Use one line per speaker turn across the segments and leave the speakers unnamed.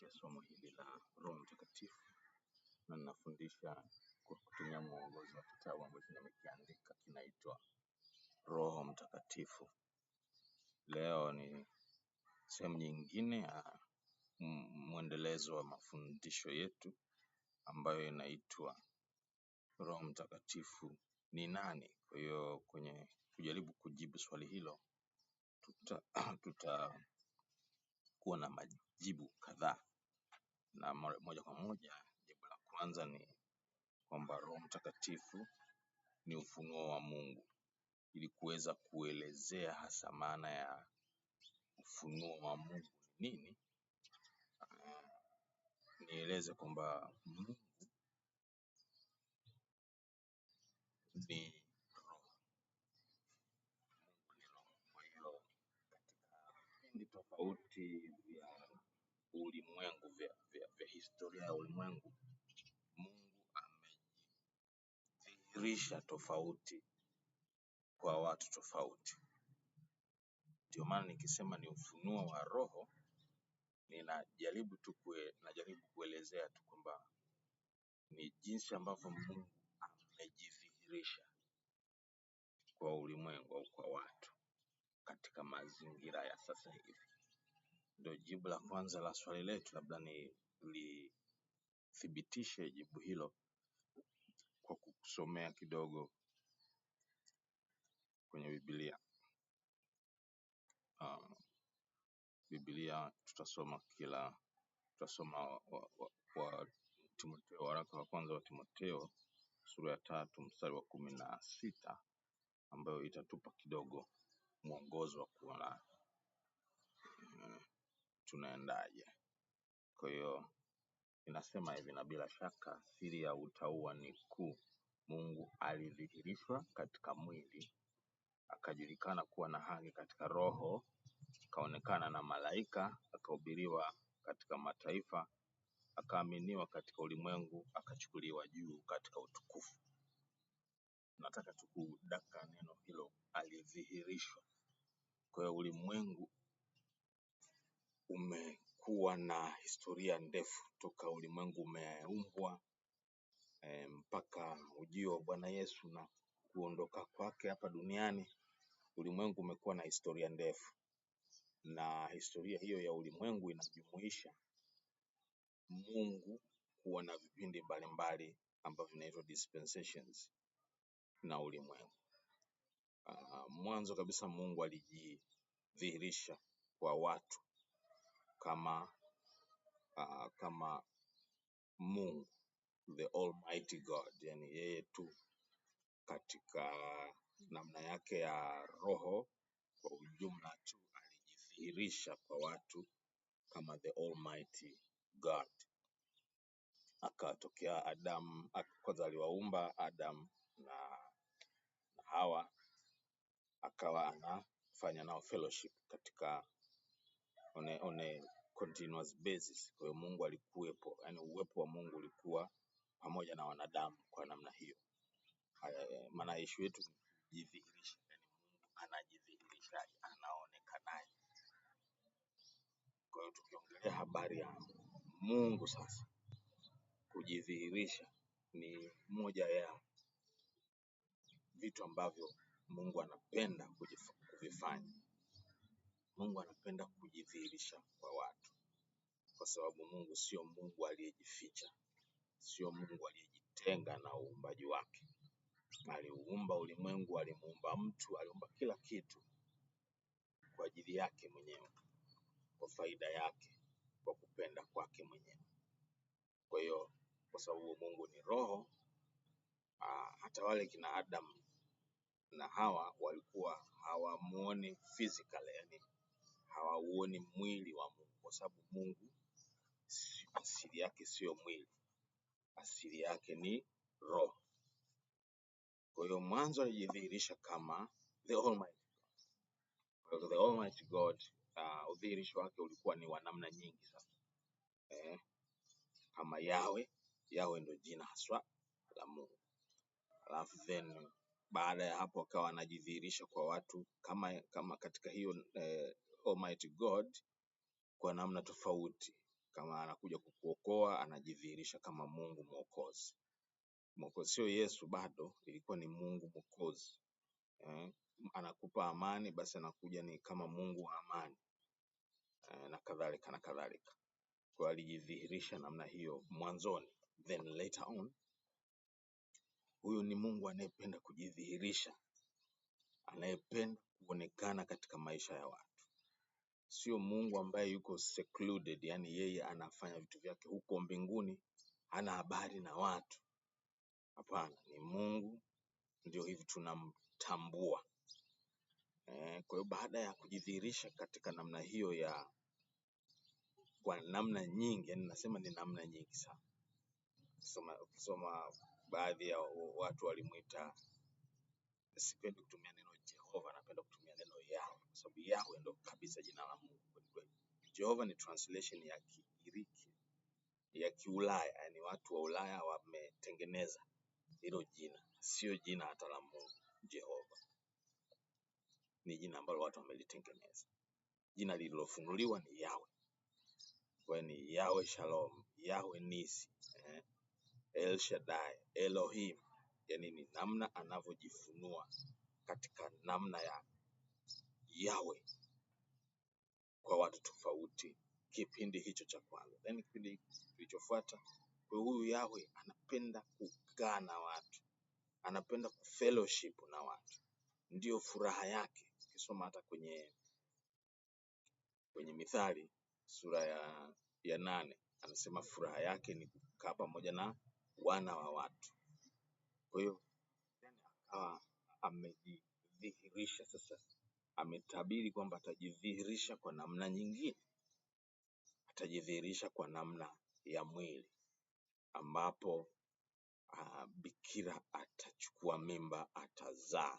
kupitia somo hili la Roho Mtakatifu na ninafundisha kwa kutumia mwongozo wa kitabu ambacho nimekiandika kinaitwa Roho Mtakatifu. Leo ni sehemu nyingine ya mwendelezo wa mafundisho yetu ambayo inaitwa Roho Mtakatifu ni nani? Kwa hiyo kwenye kujaribu kujibu swali hilo tuta tutakuwa na majibu kadhaa na moja kwa moja jambo la kwanza ni kwamba Roho Mtakatifu ni ufunuo wa Mungu. Ili kuweza kuelezea hasa maana ya ufunuo wa Mungu ni nini, eh, nieleze kwamba Mungu ni Roho. Mungu ni Roho. Kwa hiyo katika pindi tofauti ulimwengu vya, vya, vya historia ya ulimwengu Mungu amejidhihirisha tofauti kwa watu tofauti. Ndio maana nikisema ni ufunuo wa Roho, ninajaribu tu kue, najaribu kuelezea tu kwamba ni jinsi ambavyo Mungu amejidhihirisha kwa ulimwengu au kwa watu katika mazingira ya sasa hivi. Ndio jibu la kwanza la swali letu, labda nilithibitishe jibu hilo kwa kusomea kidogo kwenye Biblia. Uh, Biblia tutasoma kila tutasoma wa, wa, wa, wa waraka wa kwanza wa Timotheo sura ya tatu mstari wa kumi na sita ambayo itatupa kidogo mwongozo wa kuona tunaendaje. Kwa hiyo inasema hivi, na bila shaka siri ya utauwa ni kuu, Mungu alidhihirishwa katika mwili, akajulikana kuwa na haki katika roho, akaonekana na malaika, akahubiriwa katika mataifa, akaaminiwa katika ulimwengu, akachukuliwa juu katika utukufu. Nataka tukudaka neno hilo alidhihirishwa. Kwa hiyo ulimwengu umekuwa na historia ndefu toka ulimwengu umeumbwa e, mpaka ujio wa Bwana Yesu na kuondoka kwake hapa duniani. Ulimwengu umekuwa na historia ndefu, na historia hiyo ya ulimwengu inajumuisha Mungu kuwa na vipindi mbalimbali ambavyo vinaitwa dispensations na ulimwengu. Uh, mwanzo kabisa Mungu alijidhihirisha kwa watu kama uh, kama Mungu the Almighty God, yani yeye tu katika namna yake ya roho kwa ujumla tu alijidhihirisha kwa watu kama the Almighty God. Akatokea Adam, kwanza aliwaumba adam na, na Hawa, akawa anafanya nao fellowship katika on a, on a continuous basis. Kwa hiyo Mungu alikuwepo, yani uwepo wa Mungu ulikuwa pamoja na wanadamu kwa namna hiyo. Haya, eh, maana issue yetu ni kujidhihirisha, yani Mungu anajidhihirisha anaonekanaje? Kwa hiyo tukiongelea habari ya Mungu sasa, kujidhihirisha ni moja ya vitu ambavyo Mungu anapenda kujifanya. kuvifanya. Mungu anapenda kujidhihirisha kwa watu, kwa sababu Mungu sio Mungu aliyejificha, sio Mungu aliyejitenga na uumbaji wake. Aliuumba ulimwengu, alimuumba mtu, aliumba kila kitu kwa ajili yake mwenyewe, kwa faida yake, kwa kupenda kwake mwenyewe. Kwa hiyo, kwa sababu Mungu ni roho, hata wale kina adam na Hawa walikuwa hawamuoni physically, yani hawauoni mwili wa Mungu kwa sababu Mungu asili yake siyo mwili, asili yake ni roho. Kwa hiyo mwanzo alijidhihirisha kama the Almighty God. The Almighty God uh, udhihirisho wake ulikuwa ni wa namna nyingi sasa eh, kama yawe yawe ndio jina haswa la Mungu, alafu then baada ya hapo akawa anajidhihirisha kwa watu kama, kama katika hiyo eh, Almighty God kwa namna tofauti, kama anakuja kukuokoa, anajidhihirisha kama Mungu Mwokozi. Mwokozi sio Yesu bado, ilikuwa ni Mungu Mwokozi eh, anakupa amani, basi anakuja ni kama Mungu wa amani eh, na kadhalika na kadhalika. Kwa alijidhihirisha namna hiyo mwanzoni, then later on, huyu ni Mungu anayependa kujidhihirisha, anayependa kuonekana katika maisha ya watu sio Mungu ambaye yuko secluded, yani yeye anafanya vitu vyake huko mbinguni, hana habari na watu. Hapana, ni Mungu ndio hivi tunamtambua. Eh, kwa hiyo baada ya kujidhihirisha katika namna hiyo ya kwa namna nyingi, yani nasema ni namna nyingi sana. Ukisoma baadhi ya watu walimwita, sipendi kutumia neno sababu Yahwe ndo kabisa jina la Mungu kweli kweli. Jehova ni translation ya Kigiriki ya Kiulaya, yani watu wa Ulaya wametengeneza hilo jina, sio jina hata la Mungu. Jehova ni jina ambalo watu wamelitengeneza, jina lililofunuliwa ni yawe Kwa ni Yahweh Shalom, Yahweh Nisi, eh? El Shaddai, Elohim, yani ni namna anavyojifunua katika namna ya yawe kwa watu tofauti kipindi hicho cha kwanza. Then kipindi kilichofuata, huyu yawe anapenda kukaa na watu, anapenda kufellowship na watu, ndiyo furaha yake. Ukisoma hata kwenye kwenye Mithali sura ya, ya nane anasema furaha yake ni kukaa pamoja na wana wa watu. Kwa hiyo akawa amejidhihirisha sasa ametabiri kwamba atajidhihirisha kwa namna nyingine, atajidhihirisha kwa namna ya mwili, ambapo uh, bikira atachukua mimba, atazaa.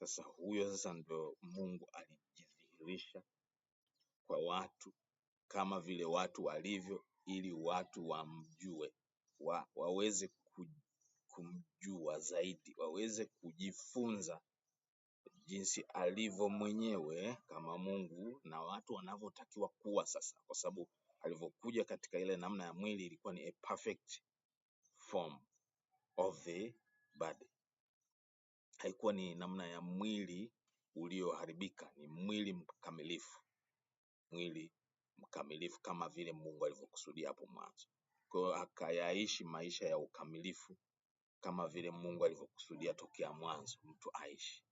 Sasa huyo sasa ndio Mungu alijidhihirisha kwa watu kama vile watu walivyo, ili watu wamjue, wa, waweze kumjua zaidi, waweze kujifunza jinsi alivyo mwenyewe kama Mungu na watu wanavyotakiwa kuwa sasa, kwa sababu alivyokuja katika ile namna ya mwili ilikuwa ni a perfect form of the body, haikuwa ni namna ya mwili ulioharibika, ni mwili mkamilifu, mwili mkamilifu kama vile Mungu alivyokusudia hapo mwanzo. Kwa hiyo akayaishi maisha ya ukamilifu kama vile Mungu alivyokusudia tokea mwanzo mtu aishi.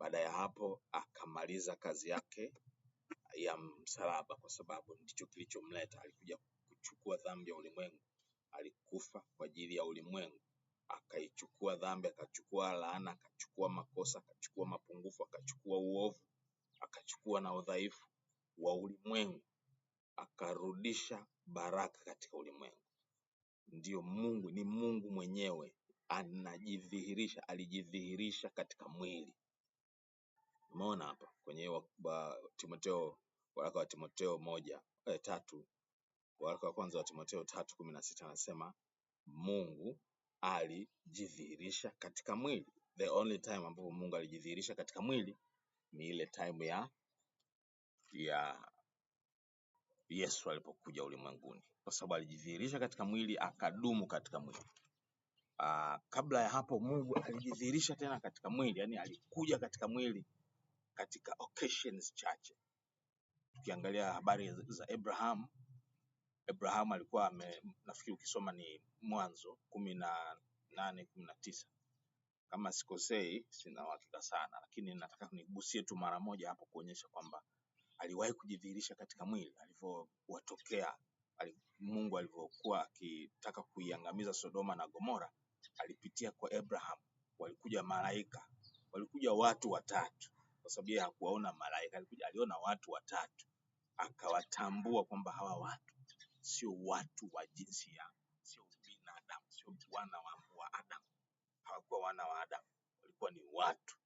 Baada ya hapo akamaliza kazi yake ya msalaba, kwa sababu ndicho kilichomleta. Alikuja kuchukua dhambi ya ulimwengu, alikufa kwa ajili ya ulimwengu, akaichukua dhambi, akachukua laana, akachukua makosa, akachukua mapungufu, akachukua uovu, akachukua na udhaifu wa ulimwengu, akarudisha baraka katika ulimwengu. ndio Mungu, ni Mungu mwenyewe anajidhihirisha, alijidhihirisha katika mwili Umeona hapa kwenye wa, Timotheo waraka wa Timotheo moja eh, tatu waraka wa kwanza wa Timotheo tatu kumi na sita anasema Mungu alijidhihirisha katika mwili. The only time ambapo Mungu alijidhihirisha katika mwili ni ile time ya ya Yesu alipokuja ulimwenguni, kwa sababu alijidhihirisha katika mwili, akadumu katika mwili. Aa, ah, kabla ya hapo Mungu alijidhihirisha tena katika mwili, yani alikuja katika mwili katika occasions chache. Tukiangalia habari za Abraham, Abraham alikuwa nafikiri ukisoma ni Mwanzo kumi na nane kumi na tisa kama sikosei, sina uhakika sana, lakini nataka nigusie tu mara moja hapo kuonyesha kwamba aliwahi kujidhihirisha katika mwili alivyowatokea Mungu alivyokuwa akitaka kuiangamiza Sodoma na Gomora, alipitia kwa Abraham. Walikuja malaika, walikuja watu watatu kwa sababu yeye hakuwaona malaika, alikuja aliona watu watatu, akawatambua kwamba hawa watu sio watu wa jinsi ya, sio binadamu, sio wana wa, wa Adamu, hawakuwa wana wa Adamu, walikuwa ni watu.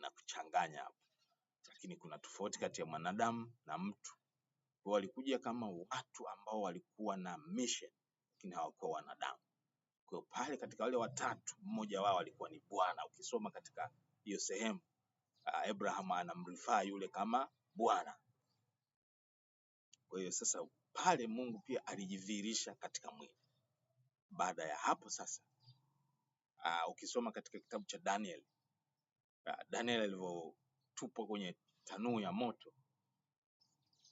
na kuchanganya hapo, lakini kuna tofauti kati ya mwanadamu na mtu. Kwa walikuja kama watu ambao walikuwa na mission, lakini hawakuwa wanadamu. Kwa pale katika wale watatu mmoja wao alikuwa ni Bwana. Ukisoma katika hiyo sehemu ah, Abraham anamrifaa yule kama Bwana. Kwa hiyo sasa pale Mungu pia alijidhihirisha katika mwili. Baada ya hapo sasa uh, ukisoma katika kitabu cha Daniel uh, Daniel alivyotupwa kwenye tanuu ya moto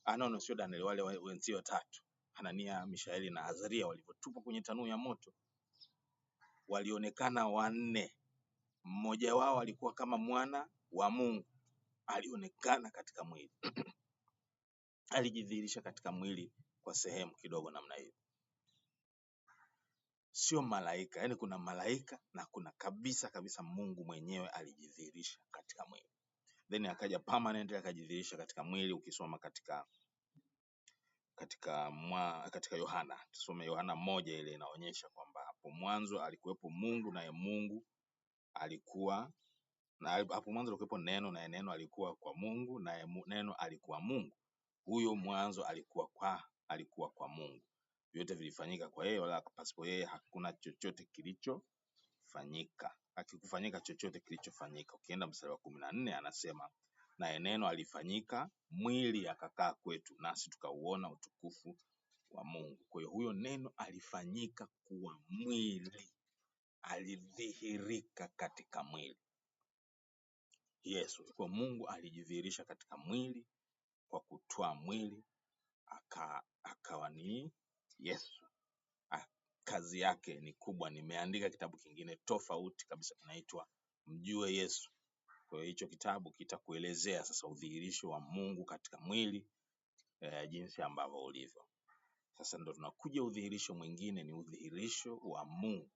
anono, sio Daniel, wale wenzi watatu Hanania, Mishaeli na Azaria walivyotupwa kwenye tanuu ya moto, walionekana wanne. Mmoja wao alikuwa kama mwana wa Mungu, alionekana katika mwili alijidhihirisha katika mwili kwa sehemu kidogo namna hiyo, sio malaika. Yani kuna malaika na kuna kabisa kabisa Mungu mwenyewe alijidhihirisha katika mwili, then akaja permanent akajidhihirisha katika mwili. Ukisoma katika katika mwa, katika Yohana tusome Yohana moja ile inaonyesha kwamba hapo mwanzo alikuwepo Mungu naye Mungu alikuwa na hapo mwanzo alikuwepo neno naye neno alikuwa kwa Mungu naye neno alikuwa Mungu. Huyo mwanzo alikuwa kwa alikuwa kwa Mungu. Vyote vilifanyika kwa yeye, wala pasipo yeye hakuna chochote kilichofanyika. Akikufanyika chochote kilichofanyika. Ukienda mstari wa kumi na nne anasema naye neno alifanyika mwili akakaa kwetu, nasi tukauona utukufu wa Mungu. Kwa hiyo huyo neno alifanyika kuwa mwili, alidhihirika katika mwili. Yesu kwa Mungu alijidhihirisha katika mwili kwa kutwaa mwili aka, akawa ni Yesu. A, kazi yake ni kubwa. Nimeandika kitabu kingine tofauti kabisa kinaitwa Mjue Yesu. Kwa hiyo hicho kitabu kitakuelezea sasa udhihirisho wa Mungu katika mwili e, jinsi ambavyo ulivyo. Sasa ndo tunakuja udhihirisho mwingine, ni udhihirisho wa Mungu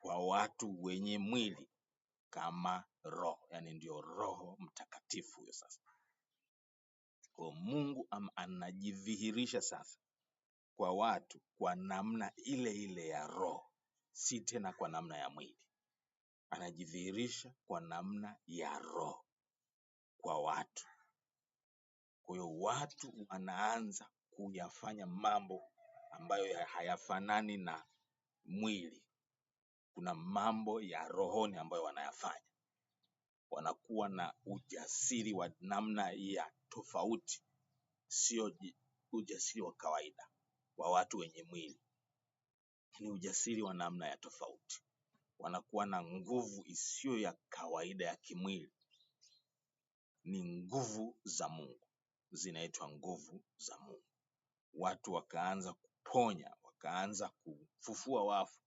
kwa watu wenye mwili kama roho, yani ndio Roho Mtakatifu huyo. Sasa kwa Mungu am, anajidhihirisha sasa kwa watu kwa namna ile ile ya roho, si tena kwa namna ya mwili. Anajidhihirisha kwa namna ya roho kwa watu. Kwa hiyo watu wanaanza kuyafanya mambo ambayo hayafanani na mwili. Kuna mambo ya rohoni ambayo wanayafanya, wanakuwa na ujasiri wa namna ya tofauti, sio ujasiri wa kawaida wa watu wenye mwili, ni ujasiri wa namna ya tofauti. Wanakuwa na nguvu isiyo ya kawaida ya kimwili, ni nguvu za Mungu, zinaitwa nguvu za Mungu watu wakaanza kuponya, wakaanza kufufua wafu,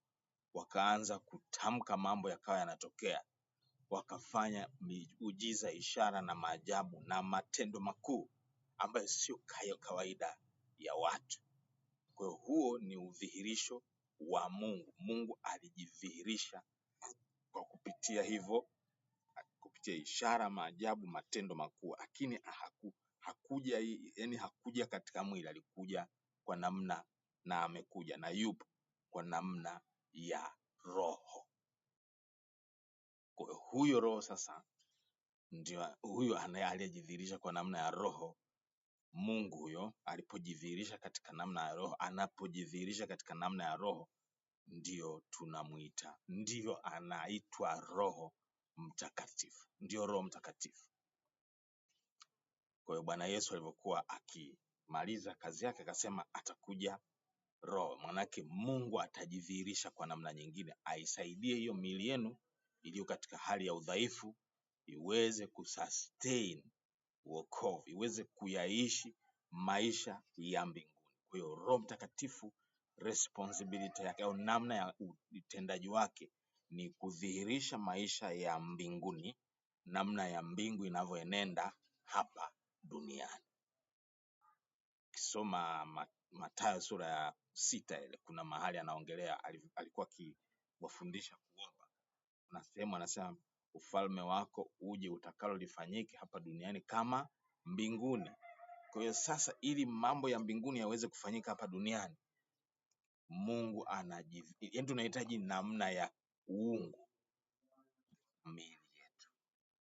wakaanza kutamka mambo yakawa yanatokea, wakafanya miujiza, ishara na maajabu na matendo makuu ambayo sio kawaida ya watu. Kwa hiyo huo ni udhihirisho wa Mungu. Mungu alijidhihirisha kwa kupitia hivyo, kupitia ishara, maajabu, matendo makuu, lakini haku hakuja yani hakuja katika mwili alikuja kwa namna na amekuja na yupo kwa namna ya roho kwa huyo roho sasa ndio huyo aliyejidhihirisha kwa namna ya roho mungu huyo alipojidhihirisha katika namna ya roho anapojidhihirisha katika namna ya roho ndio tunamwita ndiyo anaitwa roho mtakatifu ndiyo roho mtakatifu kwa hiyo Bwana Yesu alivyokuwa akimaliza kazi yake akasema atakuja Roho, maanake Mungu atajidhihirisha kwa namna nyingine, aisaidie hiyo miili yenu iliyo katika hali ya udhaifu iweze kusustain wokovu, iweze kuyaishi maisha ya mbinguni. Kwa hiyo Roho Mtakatifu responsibility yake au namna ya utendaji wake ni kudhihirisha maisha ya mbinguni, namna ya mbingu inavyoenenda hapa duniani. Ukisoma Mathayo sura ya sita ile kuna mahali anaongelea alikuwa akiwafundisha kuomba, kuna sehemu anasema ufalme wako uje utakalo lifanyike hapa duniani kama mbinguni. Kwa hiyo sasa, ili mambo ya mbinguni yaweze kufanyika hapa duniani, Mungu anajiv... Yaani tunahitaji namna ya uungu miili yetu,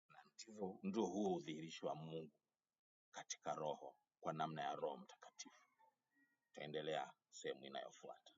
na ndivyo ndio huo udhihirisho wa Mungu katika roho kwa namna ya Roho Mtakatifu. Tutaendelea sehemu inayofuata.